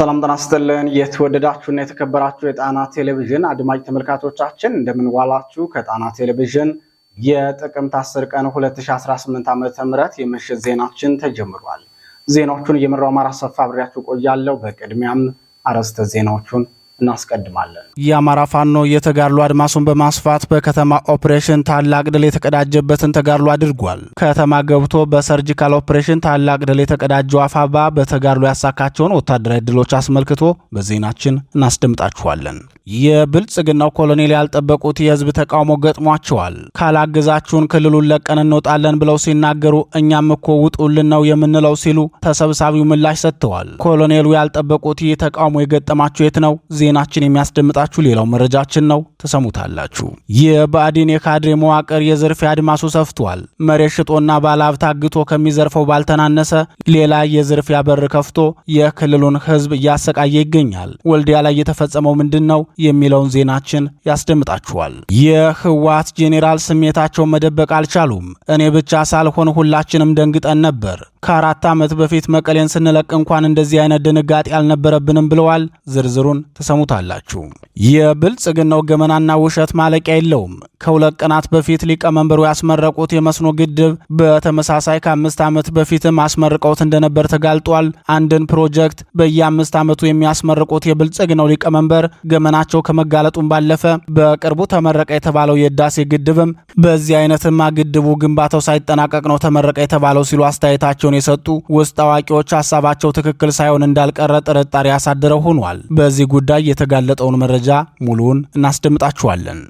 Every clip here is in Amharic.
ሰላም ጤና ይስጥልን። የተወደዳችሁና የተከበራችሁ የጣና ቴሌቪዥን አድማጭ ተመልካቾቻችን እንደምንዋላችሁ። ከጣና ቴሌቪዥን የጥቅምት 10 ቀን 2018 ም የምሽት ዜናችን ተጀምሯል። ዜናዎቹን እየመራው አማራ ሰፋ አብሬያችሁ ቆያለሁ። በቅድሚያም አርዕስተ ዜናዎቹን እናስቀድማለን። የአማራ ፋኖ የተጋድሎ አድማሱን በማስፋት በከተማ ኦፕሬሽን ታላቅ ድል የተቀዳጀበትን ተጋድሎ አድርጓል። ከተማ ገብቶ በሰርጂካል ኦፕሬሽን ታላቅ ድል የተቀዳጀው አፋባ በተጋድሎ ያሳካቸውን ወታደራዊ ድሎች አስመልክቶ በዜናችን እናስደምጣችኋለን። የብልጽግናው ኮሎኔል ያልጠበቁት የህዝብ ተቃውሞ ገጥሟቸዋል። ካላገዛችሁን ክልሉን ለቀን እንወጣለን ብለው ሲናገሩ እኛም እኮ ውጡልን ነው የምንለው ሲሉ ተሰብሳቢው ምላሽ ሰጥተዋል። ኮሎኔሉ ያልጠበቁት ይህ ተቃውሞ የገጠማችሁ የት ነው? ዜናችን የሚያስደምጣችሁ ሌላው መረጃችን ነው፣ ትሰሙታላችሁ። የብአዴን የካድሬ መዋቅር የዝርፊያ አድማሱ ሰፍቷል። መሬት ሽጦና ባለሀብት አግቶ ከሚዘርፈው ባልተናነሰ ሌላ የዝርፊያ በር ከፍቶ የክልሉን ህዝብ እያሰቃየ ይገኛል። ወልዲያ ላይ የተፈጸመው ምንድን ነው? የሚለውን ዜናችን ያስደምጣችኋል። የህወሓት ጄኔራል ስሜታቸውን መደበቅ አልቻሉም። እኔ ብቻ ሳልሆን ሁላችንም ደንግጠን ነበር። ከአራት ዓመት በፊት መቀሌን ስንለቅ እንኳን እንደዚህ አይነት ድንጋጤ አልነበረብንም ብለዋል። ዝርዝሩን ትሰሙታላችሁ። የብልጽግናው ገመናና ውሸት ማለቂያ የለውም። ከሁለት ቀናት በፊት ሊቀመንበሩ ያስመረቁት የመስኖ ግድብ በተመሳሳይ ከአምስት ዓመት በፊትም አስመርቀውት እንደነበር ተጋልጧል። አንድን ፕሮጀክት በየአምስት ዓመቱ የሚያስመርቁት የብልጽግናው ሊቀመንበር ገመናቸው ከመጋለጡም ባለፈ በቅርቡ ተመረቀ የተባለው የህዳሴ ግድብም በዚህ አይነትማ ግድቡ ግንባታው ሳይጠናቀቅ ነው ተመረቀ የተባለው ሲሉ አስተያየታቸው አስተያየታቸውን የሰጡ ውስጥ አዋቂዎች ሀሳባቸው ትክክል ሳይሆን እንዳልቀረ ጥርጣሬ አሳድረው ሆኗል። በዚህ ጉዳይ የተጋለጠውን መረጃ ሙሉውን እናስደምጣችኋለን።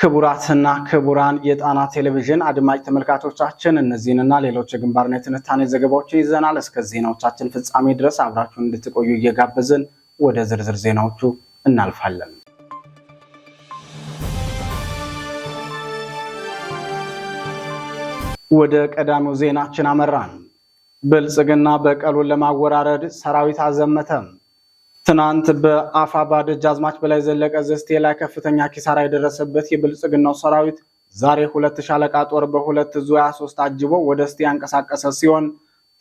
ክቡራትና ክቡራን የጣና ቴሌቪዥን አድማጭ ተመልካቾቻችን እነዚህንና ሌሎች የግንባርና የትንታኔ ዘገባዎችን ይዘናል። እስከ ዜናዎቻችን ፍጻሜ ድረስ አብራችሁን እንድትቆዩ እየጋበዝን ወደ ዝርዝር ዜናዎቹ እናልፋለን። ወደ ቀዳሚው ዜናችን አመራን። ብልጽግና በቀሉን ለማወራረድ ሰራዊት አዘመተም። ትናንት በአፋባ ደጃዝማች በላይ ዘለቀ ዘስቴ ላይ ከፍተኛ ኪሳራ የደረሰበት የብልጽግናው ሰራዊት ዛሬ ሁለት ሻለቃ ጦር በሁለት ዙ 23 አጅቦ ወደ እስቴ ያንቀሳቀሰ ሲሆን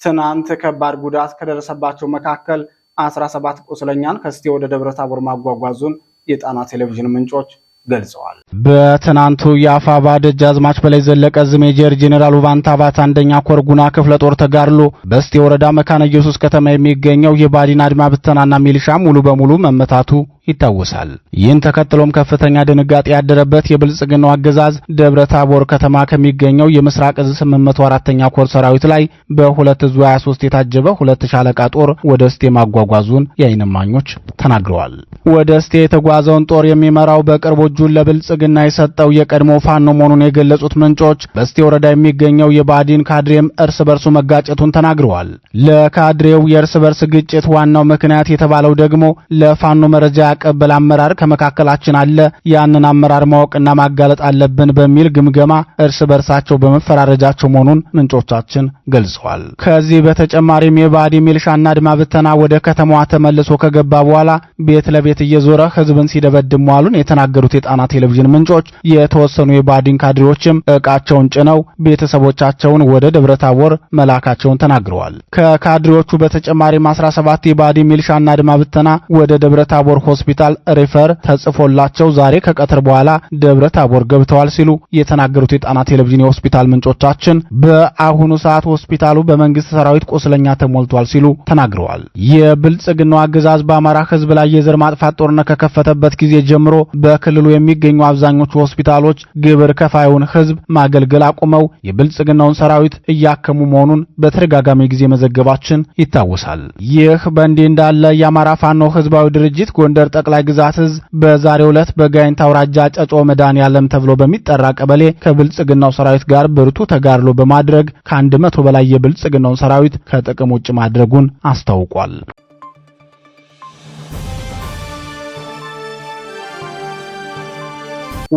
ትናንት ከባድ ጉዳት ከደረሰባቸው መካከል 17 ቁስለኛን ከእስቴ ወደ ደብረ ታቦር ማጓጓዙን የጣና ቴሌቪዥን ምንጮች ገልጸዋል። በትናንቱ የአፋባ ደጃዝማች በላይ ዘለቀ ዝሜጀር ጄኔራል ውባንታ አንደኛ ኮር ጉና ክፍለ ጦር ተጋድሎ በስቴ ወረዳ መካነ ኢየሱስ ከተማ የሚገኘው የባዲን አድማ ብተናና ሚሊሻ ሙሉ በሙሉ መመታቱ ይታወሳል። ይህን ተከትሎም ከፍተኛ ድንጋጤ ያደረበት የብልጽግናው አገዛዝ ደብረ ታቦር ከተማ ከሚገኘው የምስራቅ እዝ 804ኛ ኮር ሰራዊት ላይ በሁለት ዙ 23 የታጀበ ሁለት ሻለቃ ጦር ወደ እስቴ ማጓጓዙን የዓይን እማኞች ተናግረዋል። ወደ እስቴ የተጓዘውን ጦር የሚመራው በቅርቡ እጁን ለብልጽግና የሰጠው የቀድሞ ፋኖ መሆኑን የገለጹት ምንጮች በእስቴ ወረዳ የሚገኘው የባዲን ካድሬም እርስ በርሱ መጋጨቱን ተናግረዋል። ለካድሬው የእርስ በርስ ግጭት ዋናው ምክንያት የተባለው ደግሞ ለፋኖ መረጃ የማያቀብል አመራር ከመካከላችን አለ። ያንን አመራር ማወቅና ማጋለጥ አለብን በሚል ግምገማ እርስ በርሳቸው በመፈራረጃቸው መሆኑን ምንጮቻችን ገልጸዋል። ከዚህ በተጨማሪም የባዲ ሚልሻና አድማ ብተና ወደ ከተማዋ ተመልሶ ከገባ በኋላ ቤት ለቤት እየዞረ ህዝብን ሲደበድም መዋሉን የተናገሩት የጣና ቴሌቪዥን ምንጮች የተወሰኑ የባዲን ካድሬዎችም እቃቸውን ጭነው ቤተሰቦቻቸውን ወደ ደብረታቦር መላካቸውን ተናግረዋል። ከካድሬዎቹ በተጨማሪም 17 የባዲ ሚልሻና አድማ ብተና ወደ ደብረታቦር ሆስ ሆስፒታል ሪፈር ተጽፎላቸው ዛሬ ከቀትር በኋላ ደብረ ታቦር ገብተዋል ሲሉ የተናገሩት የጣና ቴሌቪዥን የሆስፒታል ምንጮቻችን በአሁኑ ሰዓት ሆስፒታሉ በመንግስት ሰራዊት ቁስለኛ ተሞልቷል ሲሉ ተናግረዋል። የብልጽግናው አገዛዝ በአማራ ህዝብ ላይ የዘር ማጥፋት ጦርነት ከከፈተበት ጊዜ ጀምሮ በክልሉ የሚገኙ አብዛኞቹ ሆስፒታሎች ግብር ከፋዩን ህዝብ ማገልገል አቁመው የብልጽግናውን ሰራዊት እያከሙ መሆኑን በተደጋጋሚ ጊዜ መዘገባችን ይታወሳል። ይህ በእንዲህ እንዳለ የአማራ ፋኖ ህዝባዊ ድርጅት ጎንደር ጠቅላይ ግዛት እዝ በዛሬው ዕለት በጋይንት አውራጃ ጨጮ መዳን ዓለም ተብሎ በሚጠራ ቀበሌ ከብልጽግናው ሰራዊት ጋር ብርቱ ተጋድሎ በማድረግ ከአንድ መቶ በላይ የብልጽግናውን ሰራዊት ከጥቅም ውጭ ማድረጉን አስታውቋል።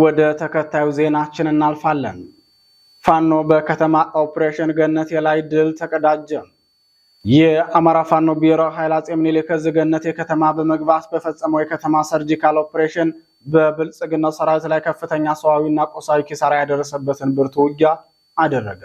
ወደ ተከታዩ ዜናችን እናልፋለን። ፋኖ በከተማ ኦፕሬሽን ገነቴ ላይ ድል ተቀዳጀ። የአማራ ፋኖ ብሔራዊ ኃይል አጼ ምኒልክ ዕዝ ከተማ በመግባት በፈጸመው የከተማ ሰርጂካል ኦፕሬሽን በብልጽግና ሰራዊት ላይ ከፍተኛ ሰዋዊና ቆሳዊ ኪሳራ ያደረሰበትን ብርቱ ውጊያ አደረገ።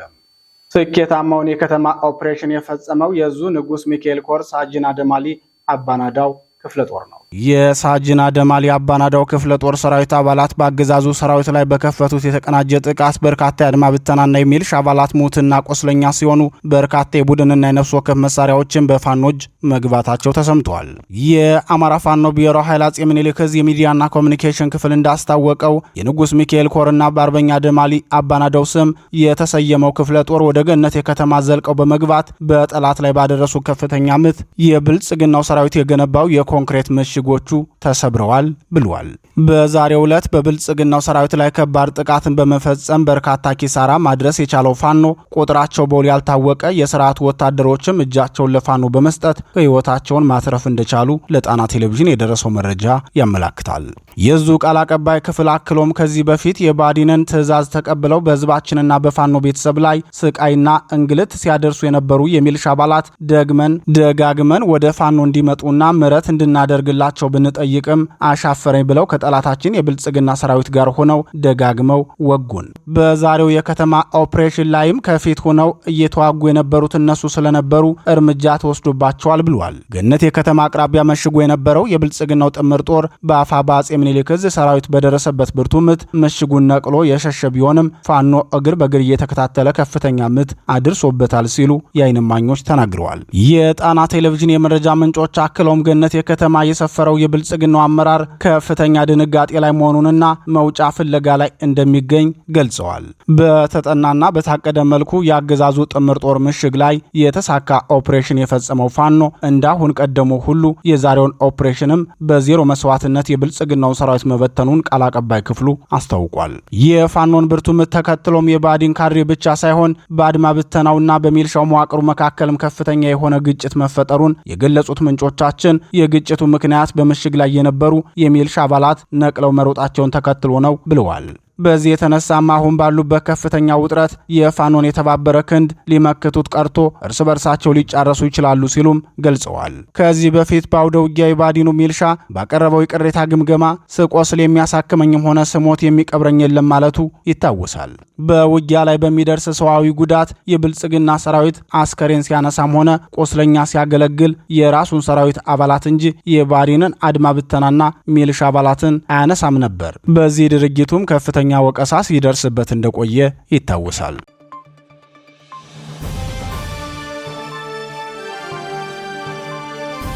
ስኬታማውን የከተማ ኦፕሬሽን የፈጸመው የዙ ንጉስ ሚካኤል ኮር ሳጅን አደማሊ አባናዳው ክፍለ ጦር ነው። የሳጅን አደማሊ አባናዳው ክፍለ ጦር ሰራዊት አባላት በአገዛዙ ሰራዊት ላይ በከፈቱት የተቀናጀ ጥቃት በርካታ የአድማ ብተናና የሚልሽ አባላት ሙትና ቆስለኛ ሲሆኑ በርካታ የቡድንና የነፍስ ወከፍ መሳሪያዎችን በፋኖጅ መግባታቸው ተሰምቷል። የአማራ ፋኖ ብሔራዊ ኃይል አጼ ምኒልክ የሚዲያና ኮሚኒኬሽን ክፍል እንዳስታወቀው የንጉስ ሚካኤል ኮርና በአርበኛ ደማሊ አባናዳው ስም የተሰየመው ክፍለ ጦር ወደ ገነት የከተማ ዘልቀው በመግባት በጠላት ላይ ባደረሱ ከፍተኛ ምት የብልጽግናው ሰራዊት የገነባው የኮንክሪት ምሽጎቹ ተሰብረዋል ብሏል። በዛሬው ዕለት በብልጽግናው ሰራዊት ላይ ከባድ ጥቃትን በመፈጸም በርካታ ኪሳራ ማድረስ የቻለው ፋኖ ቁጥራቸው በውል ያልታወቀ የስርዓቱ ወታደሮችም እጃቸውን ለፋኖ በመስጠት ህይወታቸውን ማትረፍ እንደቻሉ ለጣና ቴሌቪዥን የደረሰው መረጃ ያመላክታል። የዙ ቃል አቀባይ ክፍል አክሎም ከዚህ በፊት የባዲንን ትዕዛዝ ተቀብለው በህዝባችንና በፋኖ ቤተሰብ ላይ ስቃይና እንግልት ሲያደርሱ የነበሩ የሚልሻ አባላት ደግመን ደጋግመን ወደ ፋኖ እንዲመጡና ምረት እንድናደርግላቸው ብንጠይቅም አሻፈረኝ ብለው ከጠላታችን የብልጽግና ሰራዊት ጋር ሆነው ደጋግመው ወጉን። በዛሬው የከተማ ኦፕሬሽን ላይም ከፊት ሆነው እየተዋጉ የነበሩት እነሱ ስለነበሩ እርምጃ ተወስዶባቸዋል ብሏል። ገነት የከተማ አቅራቢያ መሽጎ የነበረው የብልጽግናው ጥምር ጦር በአፋ በአጼ ምኒልክ እዝ ሰራዊት በደረሰበት ብርቱ ምት ምሽጉን ነቅሎ የሸሸ ቢሆንም ፋኖ እግር በእግር እየተከታተለ ከፍተኛ ምት አድርሶበታል ሲሉ የዓይን እማኞች ተናግረዋል። የጣና ቴሌቪዥን የመረጃ ምንጮች አክለውም ገነት የከተማ የሰፈረው የብልጽግናው አመራር ከፍተኛ ድንጋጤ ላይ መሆኑንና መውጫ ፍለጋ ላይ እንደሚገኝ ገልጸዋል። በተጠናና በታቀደ መልኩ የአገዛዙ ጥምር ጦር ምሽግ ላይ የተሳካ ኦፕሬሽን የፈጸመው ፋኖ እንዳሁን ቀደሞ ሁሉ የዛሬውን ኦፕሬሽንም በዜሮ መስዋዕትነት የብልጽግናውን ሰራዊት መበተኑን ቃል አቀባይ ክፍሉ አስታውቋል። የፋኖን ብርቱ ምት ተከትሎም የባዲን ካድሬ ብቻ ሳይሆን በአድማ ብተናውና በሚልሻው መዋቅሩ መካከልም ከፍተኛ የሆነ ግጭት መፈጠሩን የገለጹት ምንጮቻችን የግጭቱ ምክንያት በምሽግ ላይ የነበሩ የሚልሻ አባላት ነቅለው መሮጣቸውን ተከትሎ ነው ብለዋል። በዚህ የተነሳም አሁን ባሉበት ከፍተኛ ውጥረት የፋኖን የተባበረ ክንድ ሊመክቱት ቀርቶ እርስ በርሳቸው ሊጫረሱ ይችላሉ ሲሉም ገልጸዋል። ከዚህ በፊት በአውደ ውጊያ ባዲኑ ሚልሻ ባቀረበው የቅሬታ ግምገማ ስቆስል የሚያሳክመኝም ሆነ ስሞት የሚቀብረኝ የለም ማለቱ ይታወሳል። በውጊያ ላይ በሚደርስ ሰዋዊ ጉዳት የብልጽግና ሰራዊት አስከሬን ሲያነሳም ሆነ ቆስለኛ ሲያገለግል የራሱን ሰራዊት አባላት እንጂ የባዲንን አድማ ብተናና ሚልሻ አባላትን አያነሳም ነበር። በዚህ ድርጊቱም ከፍተ ከፍተኛ ወቀሳ ሲደርስበት እንደቆየ ይታወሳል።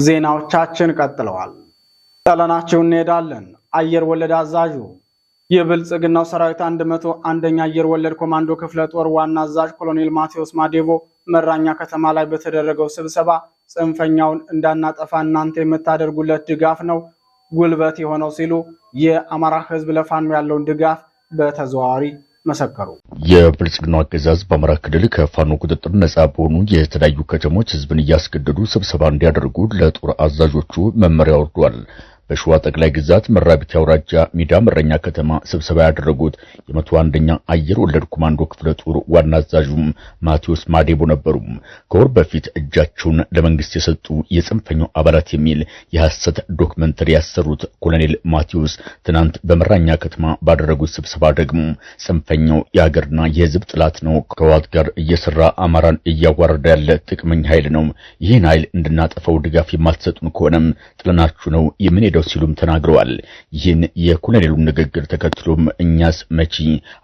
ዜናዎቻችን ቀጥለዋል። ጠለናቸው እንሄዳለን። አየር ወለድ አዛዡ የብልጽግናው ሰራዊት አንድ መቶ አንደኛ አየር ወለድ ኮማንዶ ክፍለ ጦር ዋና አዛዥ ኮሎኔል ማቴዎስ ማዴቮ መራኛ ከተማ ላይ በተደረገው ስብሰባ ጽንፈኛውን እንዳናጠፋ እናንተ የምታደርጉለት ድጋፍ ነው ጉልበት የሆነው ሲሉ የአማራ ሕዝብ ለፋኖ ያለውን ድጋፍ በተዘዋዋሪ መሰከሩ። የብልጽግናው አገዛዝ በአማራ ክልል ከፋኖ ቁጥጥር ነጻ በሆኑ የተለያዩ ከተሞች ህዝብን እያስገደዱ ስብሰባ እንዲያደርጉ ለጦር አዛዦቹ መመሪያ ወርዷል። በሸዋ ጠቅላይ ግዛት መራቢት አውራጃ ሜዳ መረኛ ከተማ ስብሰባ ያደረጉት የመቶ አንደኛ አየር ወለድ ኮማንዶ ክፍለ ጦር ዋና አዛዥም ማቴዎስ ማዴቦ ነበሩ። ከወር በፊት እጃቸውን ለመንግስት የሰጡ የጽንፈኛው አባላት የሚል የሐሰት ዶክመንተሪ ያሰሩት ኮሎኔል ማቴዎስ ትናንት በመራኛ ከተማ ባደረጉት ስብሰባ ደግሞ ጽንፈኛው የሀገርና የህዝብ ጥላት ነው፣ ከዋት ጋር እየሰራ አማራን እያዋረደ ያለ ጥቅመኛ ኃይል ነው። ይህን ኃይል እንድናጠፈው ድጋፍ የማትሰጡን ከሆነም ጥለናችሁ ነው የምን ያደረገው ሲሉም ተናግረዋል። ይህን የኮሎኔሉን ንግግር ተከትሎም እኛስ መቼ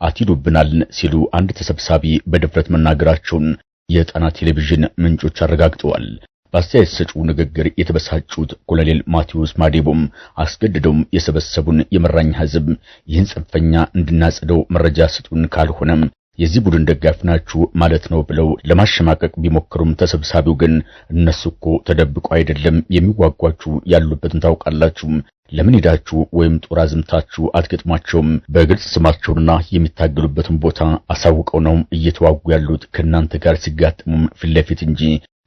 አትሄዱብናልን ሲሉ አንድ ተሰብሳቢ በድፍረት መናገራቸውን የጣና ቴሌቪዥን ምንጮች አረጋግጠዋል። በአስተያየት ሰጪው ንግግር የተበሳጩት ኮሎኔል ማቴዎስ ማዴቦም አስገድደውም የሰበሰቡን የመራኛ ህዝብ ይህን ጽንፈኛ እንድናጸደው መረጃ ስጡን ካልሆነም የዚህ ቡድን ደጋፊ ናችሁ ማለት ነው ብለው ለማሸማቀቅ ቢሞክሩም ተሰብሳቢው ግን እነሱ እኮ ተደብቆ አይደለም የሚዋጓችሁ፣ ያሉበትን ታውቃላችሁ። ለምን ሄዳችሁ ወይም ጦር አዝምታችሁ አትገጥሟቸውም? በግልጽ ስማቸውንና የሚታገሉበትን ቦታ አሳውቀው ነው እየተዋጉ ያሉት ከእናንተ ጋር ሲጋጥሙም ፊት ለፊት እንጂ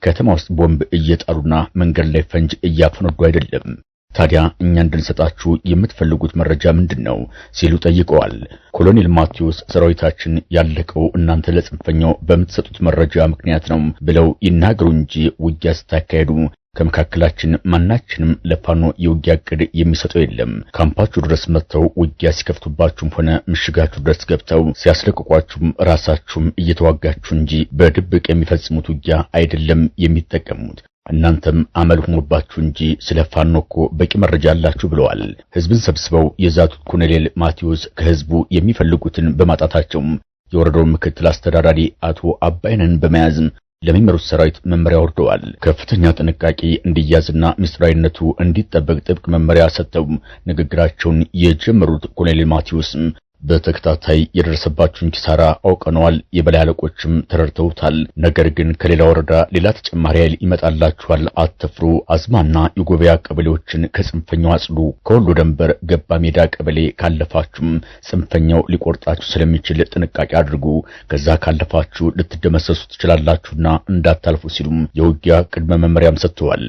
ከተማ ውስጥ ቦምብ እየጣሉና መንገድ ላይ ፈንጅ እያፈነዱ አይደለም። ታዲያ እኛ እንድንሰጣችሁ የምትፈልጉት መረጃ ምንድን ነው ሲሉ ጠይቀዋል። ኮሎኔል ማቴዎስ ሰራዊታችን ያለቀው እናንተ ለጽንፈኛው በምትሰጡት መረጃ ምክንያት ነው ብለው ይናገሩ እንጂ ውጊያ ስታካሄዱ ከመካከላችን ማናችንም ለፋኖ የውጊያ እቅድ የሚሰጠው የለም። ካምፓችሁ ድረስ መጥተው ውጊያ ሲከፍቱባችሁም ሆነ ምሽጋችሁ ድረስ ገብተው ሲያስለቅቋችሁም ራሳችሁም እየተዋጋችሁ እንጂ በድብቅ የሚፈጽሙት ውጊያ አይደለም የሚጠቀሙት። እናንተም አመል ሆኖባችሁ እንጂ ስለ ፋኖ እኮ በቂ መረጃ አላችሁ ብለዋል። ህዝብን ሰብስበው የዛቱት ኮሎኔል ማቴዎስ ከህዝቡ የሚፈልጉትን በማጣታቸውም የወረዳውን ምክትል አስተዳዳሪ አቶ አባይንን በመያዝም ለሚመሩት ሰራዊት መመሪያ ወርደዋል። ከፍተኛ ጥንቃቄ እንዲያዝና ምስጢራዊነቱ እንዲጠበቅ ጥብቅ መመሪያ ሰጥተው ንግግራቸውን የጀመሩት ኮሎኔል ማቴዎስም በተከታታይ የደረሰባቸውን ኪሳራ አውቀነዋል። የበላይ አለቆችም ተረድተውታል። ነገር ግን ከሌላ ወረዳ ሌላ ተጨማሪ ኃይል ይመጣላችኋል፣ አትፍሩ። አዝማና የጎበያ ቀበሌዎችን ከጽንፈኛው አጽዱ። ከወሎ ደንበር ገባ ሜዳ ቀበሌ ካለፋችሁም ጽንፈኛው ሊቆርጣችሁ ስለሚችል ጥንቃቄ አድርጉ። ከዛ ካለፋችሁ ልትደመሰሱ ትችላላችሁና እንዳታልፉ ሲሉም የውጊያ ቅድመ መመሪያም ሰጥተዋል።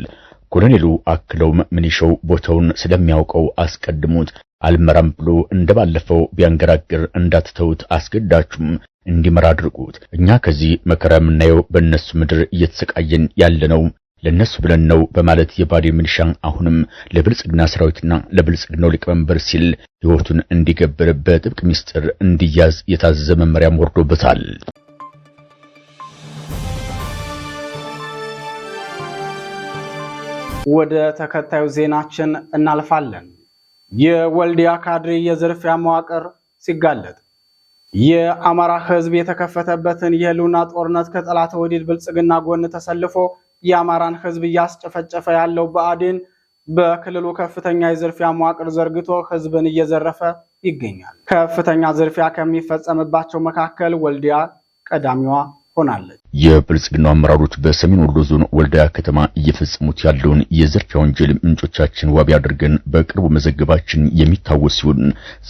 ኮሎኔሉ አክለውም ምንሻው ቦታውን ስለሚያውቀው አስቀድሙት አልመራም ብሎ እንደባለፈው ቢያንገራግር እንዳትተውት፣ አስገዳችሁም እንዲመራ አድርጉት። እኛ ከዚህ መከራ የምናየው በእነሱ ምድር እየተሰቃየን ያለነው ለነሱ ብለን ነው በማለት የባዴ ሚሊሻ አሁንም ለብልጽግና ሰራዊትና ለብልጽግናው ሊቀመንበር ሲል ሕይወቱን እንዲገብር በጥብቅ ምስጢር እንዲያዝ የታዘዘ መመሪያም ወርዶበታል። ወደ ተከታዩ ዜናችን እናልፋለን። የወልዲያ ካድሬ የዝርፊያ መዋቅር ሲጋለጥ የአማራ ህዝብ የተከፈተበትን የህልውና ጦርነት ከጠላት ወዲድ ብልጽግና ጎን ተሰልፎ የአማራን ህዝብ እያስጨፈጨፈ ያለው ብአዴን በክልሉ ከፍተኛ የዝርፊያ መዋቅር ዘርግቶ ህዝብን እየዘረፈ ይገኛል። ከፍተኛ ዝርፊያ ከሚፈጸምባቸው መካከል ወልዲያ ቀዳሚዋ ሆናለች። የብልጽግናው አመራሮች በሰሜን ወሎ ዞን ወልዳያ ከተማ እየፈጸሙት ያለውን የዝርፊያ ወንጀል ምንጮቻችን ዋቢ አድርገን በቅርቡ መዘገባችን የሚታወስ ሲሆን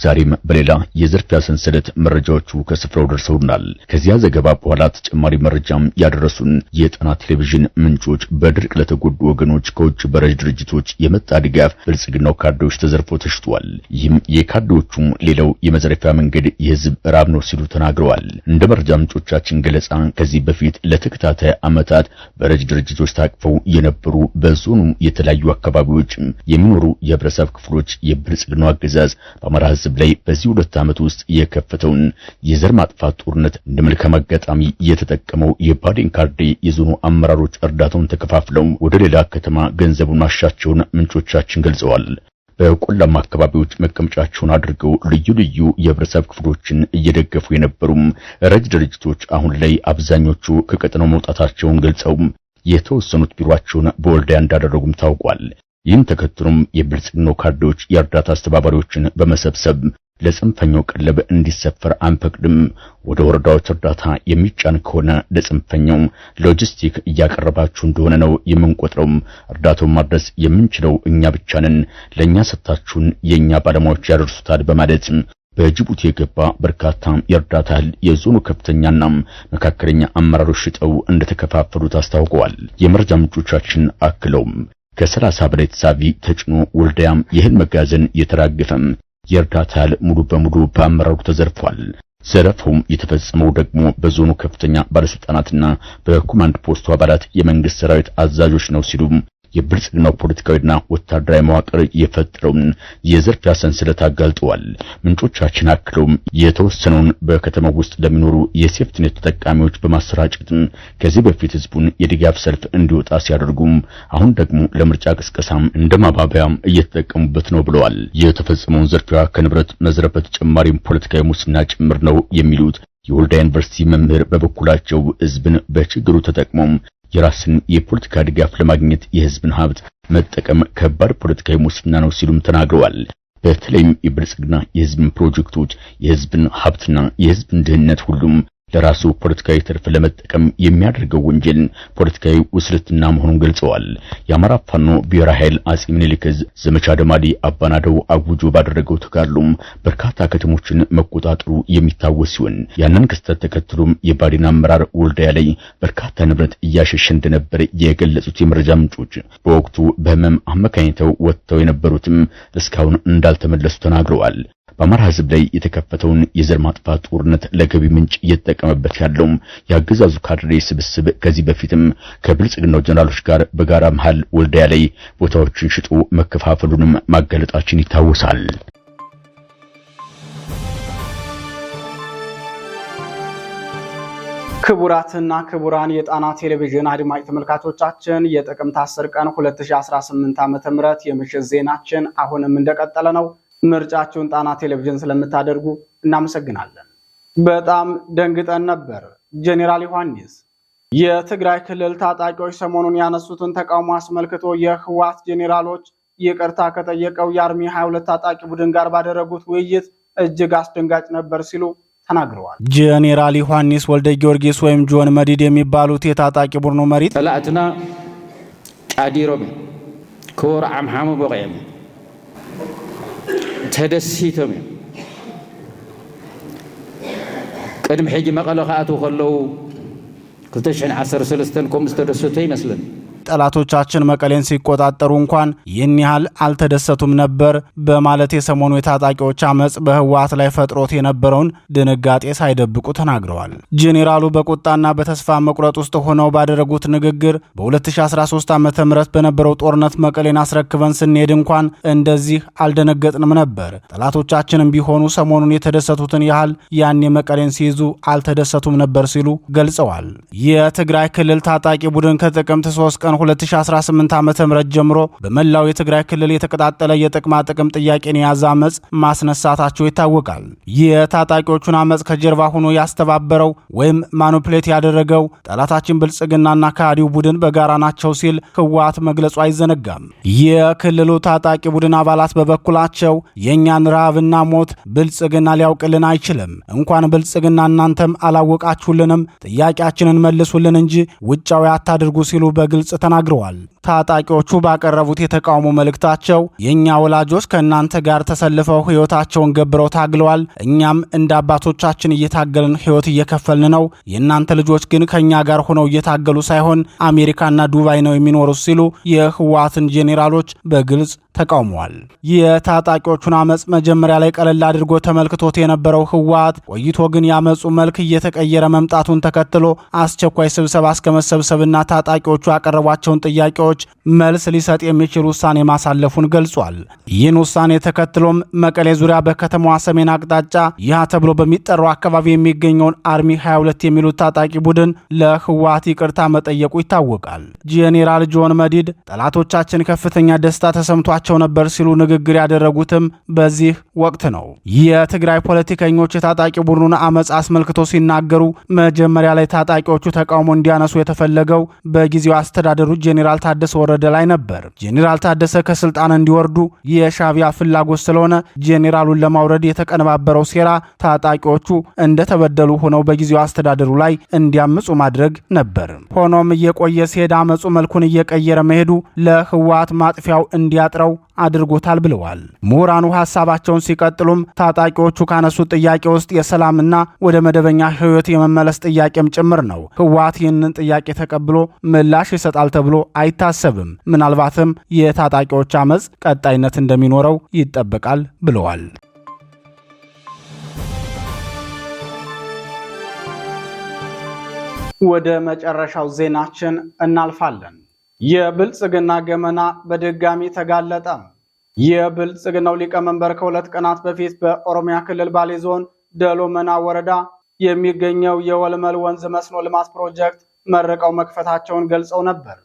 ዛሬም በሌላ የዝርፊያ ሰንሰለት መረጃዎቹ ከስፍራው ደርሰውናል። ከዚያ ዘገባ በኋላ ተጨማሪ መረጃም ያደረሱን የጣና ቴሌቪዥን ምንጮች በድርቅ ለተጎዱ ወገኖች ከውጭ በረጅ ድርጅቶች የመጣ ድጋፍ ብልጽግናው ካድሬዎች ተዘርፎ ተሽጧል። ይህም የካድሬዎቹም ሌላው የመዘረፊያ መንገድ የህዝብ ራብ ነው ሲሉ ተናግረዋል። እንደ መረጃ ምንጮቻችን ገለጻ ከዚህ በፊት ለተከታታይ ዓመታት በረጅ ድርጅቶች ታቅፈው የነበሩ በዞኑ የተለያዩ አካባቢዎች የሚኖሩ የህብረተሰብ ክፍሎች የብልጽግናው አገዛዝ በአማራ ህዝብ ላይ በዚህ ሁለት ዓመት ውስጥ የከፈተውን የዘር ማጥፋት ጦርነት እንደ መልካም አጋጣሚ የተጠቀመው የባዴን ካርዴ የዞኑ አመራሮች እርዳታውን ተከፋፍለው ወደ ሌላ ከተማ ገንዘቡን ማሻቸውን ምንጮቻችን ገልጸዋል። በቆላማ አካባቢዎች መቀመጫቸውን አድርገው ልዩ ልዩ የህብረተሰብ ክፍሎችን እየደገፉ የነበሩም ረጅ ድርጅቶች አሁን ላይ አብዛኞቹ ከቀጠናው መውጣታቸውን ገልጸው የተወሰኑት ቢሮአቸውን በወልዲያ እንዳደረጉም ታውቋል። ይህን ተከትሎም የብልጽግናው ካድሬዎች የእርዳታ አስተባባሪዎችን በመሰብሰብ ለጽንፈኛው ቀለብ እንዲሰፈር አንፈቅድም። ወደ ወረዳዎች እርዳታ የሚጫን ከሆነ ለጽንፈኛው ሎጂስቲክ እያቀረባችሁ እንደሆነ ነው የምንቆጥረው። እርዳታውን ማድረስ የምንችለው እኛ ብቻ ነን። ለእኛ ሰጥታችሁን የእኛ ባለሙያዎች ያደርሱታል በማለት በጅቡቲ የገባ በርካታ የእርዳታ እህል የዞኑ ከፍተኛና መካከለኛ አመራሮች ሽጠው እንደተከፋፈሉት አስታውቀዋል። የመረጃ ምንጮቻችን አክለውም ከሰላሳ በላይ ተሳቢ ተጭኖ ወልዳያም የእህል መጋዘን እየተራገፈም የእርዳታ እህል ሙሉ በሙሉ በአመራሩ ተዘርፏል። ዘረፋውም የተፈጸመው ደግሞ በዞኑ ከፍተኛ ባለስልጣናትና በኮማንድ ፖስቱ አባላት የመንግስት ሰራዊት አዛዦች ነው ሲሉም የብልጽግናው ፖለቲካዊና ወታደራዊ መዋቅር የፈጠረውን የዘርፊያ ሰንሰለት አጋልጠዋል። ምንጮቻችን አክለውም የተወሰነውን በከተማው ውስጥ ለሚኖሩ የሴፍትኔት ተጠቃሚዎች በማሰራጨትም ከዚህ በፊት ህዝቡን የድጋፍ ሰልፍ እንዲወጣ ሲያደርጉም አሁን ደግሞ ለምርጫ ቅስቀሳም እንደ ማባበያም እየተጠቀሙበት ነው ብለዋል። የተፈጸመውን ዘርፊያ ከንብረት መዝረፍ በተጨማሪም ፖለቲካዊ ሙስና ጭምር ነው የሚሉት የወልዳ ዩኒቨርሲቲ መምህር በበኩላቸው ህዝብን በችግሩ ተጠቅሞም የራስን የፖለቲካ ድጋፍ ለማግኘት የህዝብን ሀብት መጠቀም ከባድ ፖለቲካዊ ሙስና ነው ሲሉም ተናግረዋል። በተለይም የብልጽግና የህዝብን ፕሮጀክቶች፣ የህዝብን ሀብትና የህዝብን ድህነት ሁሉም ለራሱ ፖለቲካዊ ትርፍ ለመጠቀም የሚያደርገው ወንጀል ፖለቲካዊ ውስልትና መሆኑን ገልጸዋል። የአማራ ፋኖ ብሔራዊ ኃይል አጼ ምኒልክ ዘመቻ ደማዲ አባናደው አጉጆ ባደረገው ተጋድሎም በርካታ ከተሞችን መቆጣጠሩ የሚታወስ ሲሆን ያንን ክስተት ተከትሎም የባዴን አመራር ወልዳያ ላይ በርካታ ንብረት እያሸሸ እንደነበር የገለጹት የመረጃ ምንጮች በወቅቱ በህመም አመካኝተው ወጥተው የነበሩትም እስካሁን እንዳልተመለሱ ተናግረዋል። በአማራ ህዝብ ላይ የተከፈተውን የዘር ማጥፋት ጦርነት ለገቢ ምንጭ እየተጠቀመበት ያለው የአገዛዙ ካድሬ ስብስብ ከዚህ በፊትም ከብልጽግናው ጀነራሎች ጋር በጋራ መሃል ወልዲያ ላይ ቦታዎችን ሽጦ መከፋፈሉንም ማጋለጣችን ይታወሳል። ክቡራትና ክቡራን የጣና ቴሌቪዥን አድማጭ ተመልካቾቻችን የጥቅምት 10 ቀን 2018 ዓ.ም የምሽት ዜናችን አሁንም እንደቀጠለ ነው። ምርጫቸውን ጣና ቴሌቪዥን ስለምታደርጉ እናመሰግናለን። በጣም ደንግጠን ነበር። ጄኔራል ዮሐንስ የትግራይ ክልል ታጣቂዎች ሰሞኑን ያነሱትን ተቃውሞ አስመልክቶ የህወሓት ጄኔራሎች ይቅርታ ከጠየቀው የአርሚ 22 ታጣቂ ቡድን ጋር ባደረጉት ውይይት እጅግ አስደንጋጭ ነበር ሲሉ ተናግረዋል። ጄኔራል ዮሐንስ ወልደ ጊዮርጊስ ወይም ጆን መዲድ የሚባሉት የታጣቂ ቡድኑ መሪት ተላእትና ቃዲሮም ክቡር ዓምሓሙ በቀየሙ ተደሲቶም እዮም ቅድሚ ሕጂ መቐለ ከኣት ከለዉ 213 ከምኡ ዝተደሰቶ ይመስለኒ ጠላቶቻችን መቀሌን ሲቆጣጠሩ እንኳን ይህን ያህል አልተደሰቱም ነበር በማለት የሰሞኑ የታጣቂዎች አመፅ በህወሓት ላይ ፈጥሮት የነበረውን ድንጋጤ ሳይደብቁ ተናግረዋል። ጄኔራሉ በቁጣና በተስፋ መቁረጥ ውስጥ ሆነው ባደረጉት ንግግር በ2013 ዓ ም በነበረው ጦርነት መቀሌን አስረክበን ስንሄድ እንኳን እንደዚህ አልደነገጥንም ነበር። ጠላቶቻችንም ቢሆኑ ሰሞኑን የተደሰቱትን ያህል ያኔ መቀሌን ሲይዙ አልተደሰቱም ነበር ሲሉ ገልጸዋል። የትግራይ ክልል ታጣቂ ቡድን ከጥቅምት 3 ቀን 2018 ዓ ም ጀምሮ በመላው የትግራይ ክልል የተቀጣጠለ የጥቅማ ጥቅም ጥያቄን የያዘ አመፅ ማስነሳታቸው ይታወቃል። ይህ የታጣቂዎቹን አመፅ ከጀርባ ሆኖ ያስተባበረው ወይም ማኑፕሌት ያደረገው ጠላታችን ብልጽግናና ከሃዲው ቡድን በጋራ ናቸው ሲል ህወሓት መግለጹ አይዘነጋም። የክልሉ ታጣቂ ቡድን አባላት በበኩላቸው የእኛን ረሃብና ሞት ብልጽግና ሊያውቅልን አይችልም። እንኳን ብልጽግና እናንተም አላወቃችሁልንም፣ ጥያቄያችንን መልሱልን እንጂ ውጫዊ አታድርጉ ሲሉ በግልጽ ተናግረዋል። ታጣቂዎቹ ባቀረቡት የተቃውሞ መልእክታቸው የእኛ ወላጆች ከእናንተ ጋር ተሰልፈው ሕይወታቸውን ገብረው ታግለዋል። እኛም እንደ አባቶቻችን እየታገልን ሕይወት እየከፈልን ነው። የእናንተ ልጆች ግን ከእኛ ጋር ሆነው እየታገሉ ሳይሆን አሜሪካና ዱባይ ነው የሚኖሩት ሲሉ የህወሓትን ጄኔራሎች በግልጽ ተቃውመዋል። የታጣቂዎቹን አመፅ መጀመሪያ ላይ ቀለል አድርጎ ተመልክቶት የነበረው ህወሓት ቆይቶ ግን ያመፁ መልክ እየተቀየረ መምጣቱን ተከትሎ አስቸኳይ ስብሰባ እስከ ታጣቂዎቹ ያቀረቧቸውን ጥያቄዎች መልስ ሊሰጥ የሚችል ውሳኔ ማሳለፉን ገልጿል። ይህን ውሳኔ ተከትሎም መቀሌ ዙሪያ በከተማዋ ሰሜን አቅጣጫ ይህ ተብሎ በሚጠራው አካባቢ የሚገኘውን አርሚ 22 የሚሉት ታጣቂ ቡድን ለህወሓት ይቅርታ መጠየቁ ይታወቃል። ጄኔራል ጆን መዲድ ጠላቶቻችን ከፍተኛ ደስታ ተሰምቷቸው ይገባቸው ነበር ሲሉ ንግግር ያደረጉትም በዚህ ወቅት ነው። የትግራይ ፖለቲከኞች የታጣቂ ቡድኑን አመፅ አስመልክቶ ሲናገሩ መጀመሪያ ላይ ታጣቂዎቹ ተቃውሞ እንዲያነሱ የተፈለገው በጊዜው አስተዳደሩ ጄኔራል ታደሰ ወረደ ላይ ነበር። ጄኔራል ታደሰ ከስልጣን እንዲወርዱ የሻቢያ ፍላጎት ስለሆነ ጄኔራሉን ለማውረድ የተቀነባበረው ሴራ ታጣቂዎቹ እንደተበደሉ ሆነው በጊዜው አስተዳደሩ ላይ እንዲያምፁ ማድረግ ነበር። ሆኖም እየቆየ ሲሄድ አመፁ መልኩን እየቀየረ መሄዱ ለህወሓት ማጥፊያው እንዲያጥረው አድርጎታል ብለዋል። ምሁራኑ ሀሳባቸውን ሲቀጥሉም ታጣቂዎቹ ካነሱ ጥያቄ ውስጥ የሰላምና ወደ መደበኛ ህይወት የመመለስ ጥያቄም ጭምር ነው። ህወሓት ይህንን ጥያቄ ተቀብሎ ምላሽ ይሰጣል ተብሎ አይታሰብም። ምናልባትም የታጣቂዎች አመፅ ቀጣይነት እንደሚኖረው ይጠበቃል ብለዋል። ወደ መጨረሻው ዜናችን እናልፋለን። የብልጽግና ገመና በድጋሚ ተጋለጠ። የብልጽግናው ሊቀመንበር ከሁለት ቀናት በፊት በኦሮሚያ ክልል ባሌ ዞን ደሎመና ወረዳ የሚገኘው የወልመል ወንዝ መስኖ ልማት ፕሮጀክት መርቀው መክፈታቸውን ገልጸው ነበር።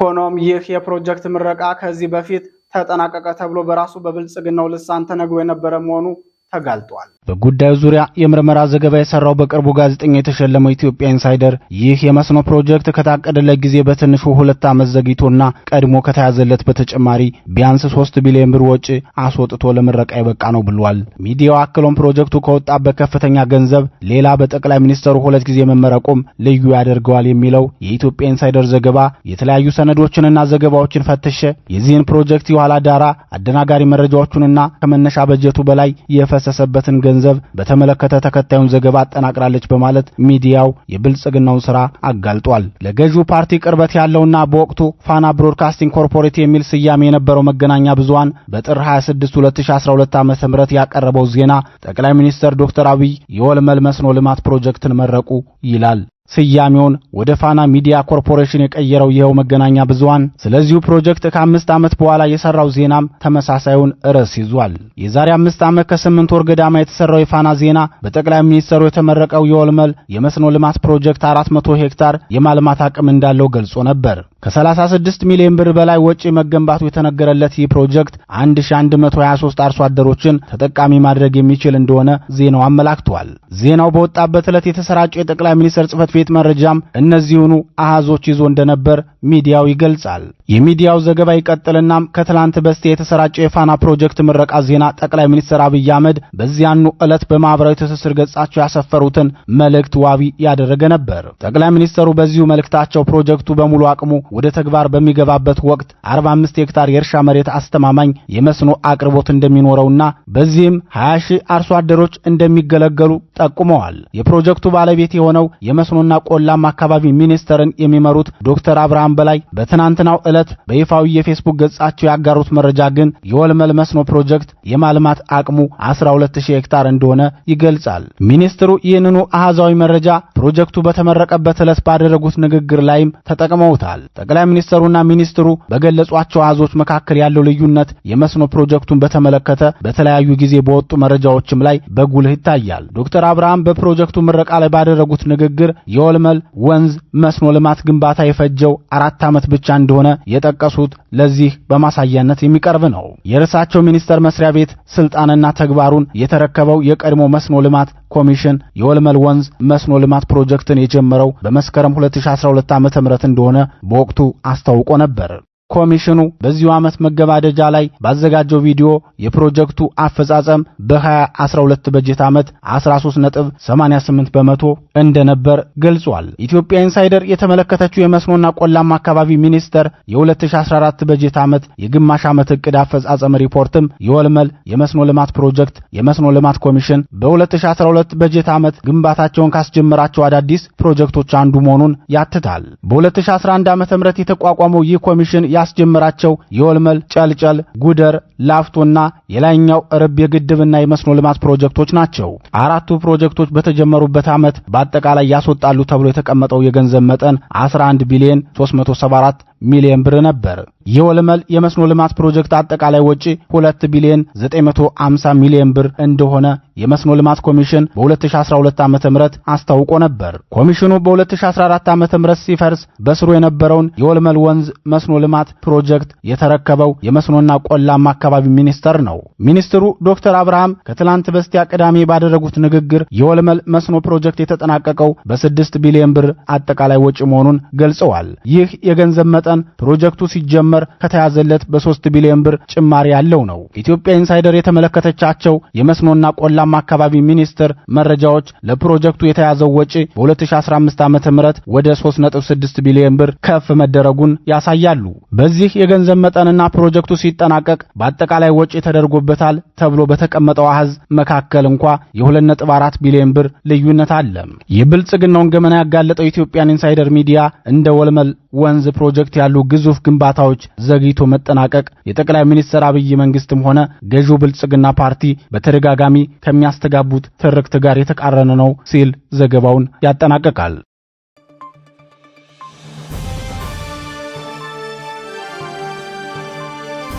ሆኖም ይህ የፕሮጀክት ምረቃ ከዚህ በፊት ተጠናቀቀ ተብሎ በራሱ በብልጽግናው ልሳን ተነግሮ የነበረ መሆኑ ተጋልጧል። በጉዳዩ ዙሪያ የምርመራ ዘገባ የሰራው በቅርቡ ጋዜጠኛ የተሸለመው ኢትዮጵያ ኢንሳይደር ይህ የመስኖ ፕሮጀክት ከታቀደለት ጊዜ በትንሹ ሁለት ዓመት ዘግይቶና ቀድሞ ከተያዘለት በተጨማሪ ቢያንስ ሶስት ቢሊዮን ብር ወጪ አስወጥቶ ለምረቃ የበቃ ነው ብሏል። ሚዲያው አክሎም ፕሮጀክቱ ከወጣበት ከፍተኛ ገንዘብ ሌላ በጠቅላይ ሚኒስተሩ ሁለት ጊዜ መመረቁም ልዩ ያደርገዋል የሚለው የኢትዮጵያ ኢንሳይደር ዘገባ የተለያዩ ሰነዶችንና ዘገባዎችን ፈትሸ የዚህን ፕሮጀክት የኋላ ዳራ አደናጋሪ መረጃዎቹንና ከመነሻ በጀቱ በላይ የፈ የፈሰሰበትን ገንዘብ በተመለከተ ተከታዩን ዘገባ አጠናቅራለች በማለት ሚዲያው የብልጽግናውን ስራ አጋልጧል። ለገዢው ፓርቲ ቅርበት ያለውና በወቅቱ ፋና ብሮድካስቲንግ ኮርፖሬት የሚል ስያሜ የነበረው መገናኛ ብዙሃን በጥር 26 2012 ዓ.ም ያቀረበው ዜና ጠቅላይ ሚኒስትር ዶክተር አብይ የወልመል መስኖ ልማት ፕሮጀክትን መረቁ ይላል። ስያሜውን ወደ ፋና ሚዲያ ኮርፖሬሽን የቀየረው ይኸው መገናኛ ብዙሃን ስለዚሁ ፕሮጀክት ከአምስት ዓመት በኋላ የሰራው ዜናም ተመሳሳዩን ርዕስ ይዟል። የዛሬ አምስት ዓመት ከስምንት ወር ገዳማ የተሰራው የፋና ዜና በጠቅላይ ሚኒስትሩ የተመረቀው የወልመል የመስኖ ልማት ፕሮጀክት 400 ሄክታር የማልማት አቅም እንዳለው ገልጾ ነበር። ከ36 ሚሊዮን ብር በላይ ወጪ መገንባቱ የተነገረለት ይህ ፕሮጀክት 1123 አርሶ አደሮችን ተጠቃሚ ማድረግ የሚችል እንደሆነ ዜናው አመላክቷል። ዜናው በወጣበት ዕለት የተሰራጨው የጠቅላይ ሚኒስትር ጽህፈት ቤት መረጃም እነዚሁኑ አሃዞች ይዞ እንደነበር ሚዲያው ይገልጻል። የሚዲያው ዘገባ ይቀጥልናም ከትላንት በስቲያ የተሰራጨው የፋና ፕሮጀክት ምረቃ ዜና ጠቅላይ ሚኒስትር አብይ አህመድ በዚያኑ ዕለት በማህበራዊ ትስስር ገጻቸው ያሰፈሩትን መልእክት ዋቢ ያደረገ ነበር። ጠቅላይ ሚኒስትሩ በዚሁ መልእክታቸው ፕሮጀክቱ በሙሉ አቅሙ ወደ ተግባር በሚገባበት ወቅት 45 ሄክታር የእርሻ መሬት አስተማማኝ የመስኖ አቅርቦት እንደሚኖረውና በዚህም 20 ሺህ አርሶ አደሮች እንደሚገለገሉ ጠቁመዋል። የፕሮጀክቱ ባለቤት የሆነው የመስኖ የደቡብና ቆላማ አካባቢ ሚኒስቴርን የሚመሩት ዶክተር አብርሃም በላይ በትናንትናው ዕለት በይፋዊ የፌስቡክ ገጻቸው ያጋሩት መረጃ ግን የወልመል መስኖ ፕሮጀክት የማልማት አቅሙ 12000 ሄክታር እንደሆነ ይገልጻል። ሚኒስትሩ ይህንኑ አሃዛዊ መረጃ ፕሮጀክቱ በተመረቀበት ዕለት ባደረጉት ንግግር ላይም ተጠቅመውታል። ጠቅላይ ሚኒስትሩና ሚኒስትሩ በገለጿቸው አሃዞች መካከል ያለው ልዩነት የመስኖ ፕሮጀክቱን በተመለከተ በተለያዩ ጊዜ በወጡ መረጃዎችም ላይ በጉልህ ይታያል። ዶክተር አብርሃም በፕሮጀክቱ ምረቃ ላይ ባደረጉት ንግግር የወልመል ወንዝ መስኖ ልማት ግንባታ የፈጀው አራት ዓመት ብቻ እንደሆነ የጠቀሱት ለዚህ በማሳያነት የሚቀርብ ነው። የእርሳቸው ሚኒስቴር መስሪያ ቤት ስልጣንና ተግባሩን የተረከበው የቀድሞ መስኖ ልማት ኮሚሽን የወልመል ወንዝ መስኖ ልማት ፕሮጀክትን የጀመረው በመስከረም 2012 ዓ.ም እንደሆነ በወቅቱ አስታውቆ ነበር። ኮሚሽኑ በዚሁ ዓመት መገባደጃ ላይ ባዘጋጀው ቪዲዮ የፕሮጀክቱ አፈጻጸም በ2012 በጀት ዓመት 13.88 በመቶ እንደነበር ገልጿል። ኢትዮጵያ ኢንሳይደር የተመለከተችው የመስኖና ቆላማ አካባቢ ሚኒስቴር የ2014 በጀት ዓመት የግማሽ ዓመት እቅድ አፈጻጸም ሪፖርትም የወልመል የመስኖ ልማት ፕሮጀክት የመስኖ ልማት ኮሚሽን በ2012 በጀት ዓመት ግንባታቸውን ካስጀመራቸው አዳዲስ ፕሮጀክቶች አንዱ መሆኑን ያትታል። በ2011 ም የተቋቋመው ይህ ኮሚሽን ያስጀመራቸው የወልመል ጨልጨል፣ ጉደር፣ ላፍቶና የላይኛው ርብ የግድብና የመስኖ ልማት ፕሮጀክቶች ናቸው። አራቱ ፕሮጀክቶች በተጀመሩበት ዓመት በአጠቃላይ ያስወጣሉ ተብሎ የተቀመጠው የገንዘብ መጠን 11 ቢሊዮን 374 ሚሊዮን ብር ነበር። ይህ የመስኖ ልማት ፕሮጀክት አጠቃላይ ወጪ 2 ቢሊዮን 950 ሚሊዮን ብር እንደሆነ የመስኖ ልማት ኮሚሽን በ2012 ዓ.ም አስታውቆ ነበር። ኮሚሽኑ በ2014 ዓ.ም ሲፈርስ በስሩ የነበረውን የወልመል ወንዝ መስኖ ልማት ፕሮጀክት የተረከበው የመስኖና ቆላማ አካባቢ ሚኒስቴር ነው። ሚኒስትሩ ዶክተር አብርሃም ከትላንት በስቲያ ቅዳሜ ባደረጉት ንግግር የወልመል መስኖ ፕሮጀክት የተጠናቀቀው በ6 ቢሊዮን ብር አጠቃላይ ወጪ መሆኑን ገልጸዋል። ይህ የገንዘብ መጠን መጠን ፕሮጀክቱ ሲጀመር ከተያዘለት በ3 ቢሊዮን ብር ጭማሪ ያለው ነው። ኢትዮጵያ ኢንሳይደር የተመለከተቻቸው የመስኖና ቆላማ አካባቢ ሚኒስቴር መረጃዎች ለፕሮጀክቱ የተያዘው ወጪ በ2015 ዓ.ም ወደ 3.6 ቢሊዮን ብር ከፍ መደረጉን ያሳያሉ። በዚህ የገንዘብ መጠንና ፕሮጀክቱ ሲጠናቀቅ በአጠቃላይ ወጪ ተደርጎበታል ተብሎ በተቀመጠው አሃዝ መካከል እንኳ የ2.4 ቢሊዮን ብር ልዩነት አለ። የብልጽግናውን ገመና ያጋለጠው ኢትዮጵያን ኢንሳይደር ሚዲያ እንደ ወልመል ወንዝ ፕሮጀክት ያሉ ግዙፍ ግንባታዎች ዘግይቶ መጠናቀቅ የጠቅላይ ሚኒስትር አብይ መንግስትም ሆነ ገዢው ብልጽግና ፓርቲ በተደጋጋሚ ከሚያስተጋቡት ትርክት ጋር የተቃረነ ነው ሲል ዘገባውን ያጠናቅቃል።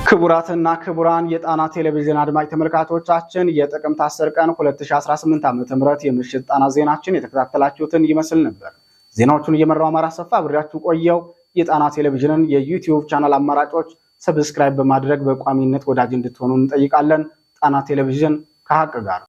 ክቡራትና ክቡራን የጣና ቴሌቪዥን አድማጭ ተመልካቾቻችን የጥቅምት 10 ቀን 2018 ዓ.ም የምሽት ጣና ዜናችን የተከታተላችሁትን ይመስል ነበር። ዜናዎቹን እየመራው አማራ ሰፋ አብሬያችሁ ቆየው። የጣና ቴሌቪዥንን የዩቲዩብ ቻናል አማራጮች ሰብስክራይብ በማድረግ በቋሚነት ወዳጅ እንድትሆኑ እንጠይቃለን። ጣና ቴሌቪዥን ከሀቅ ጋር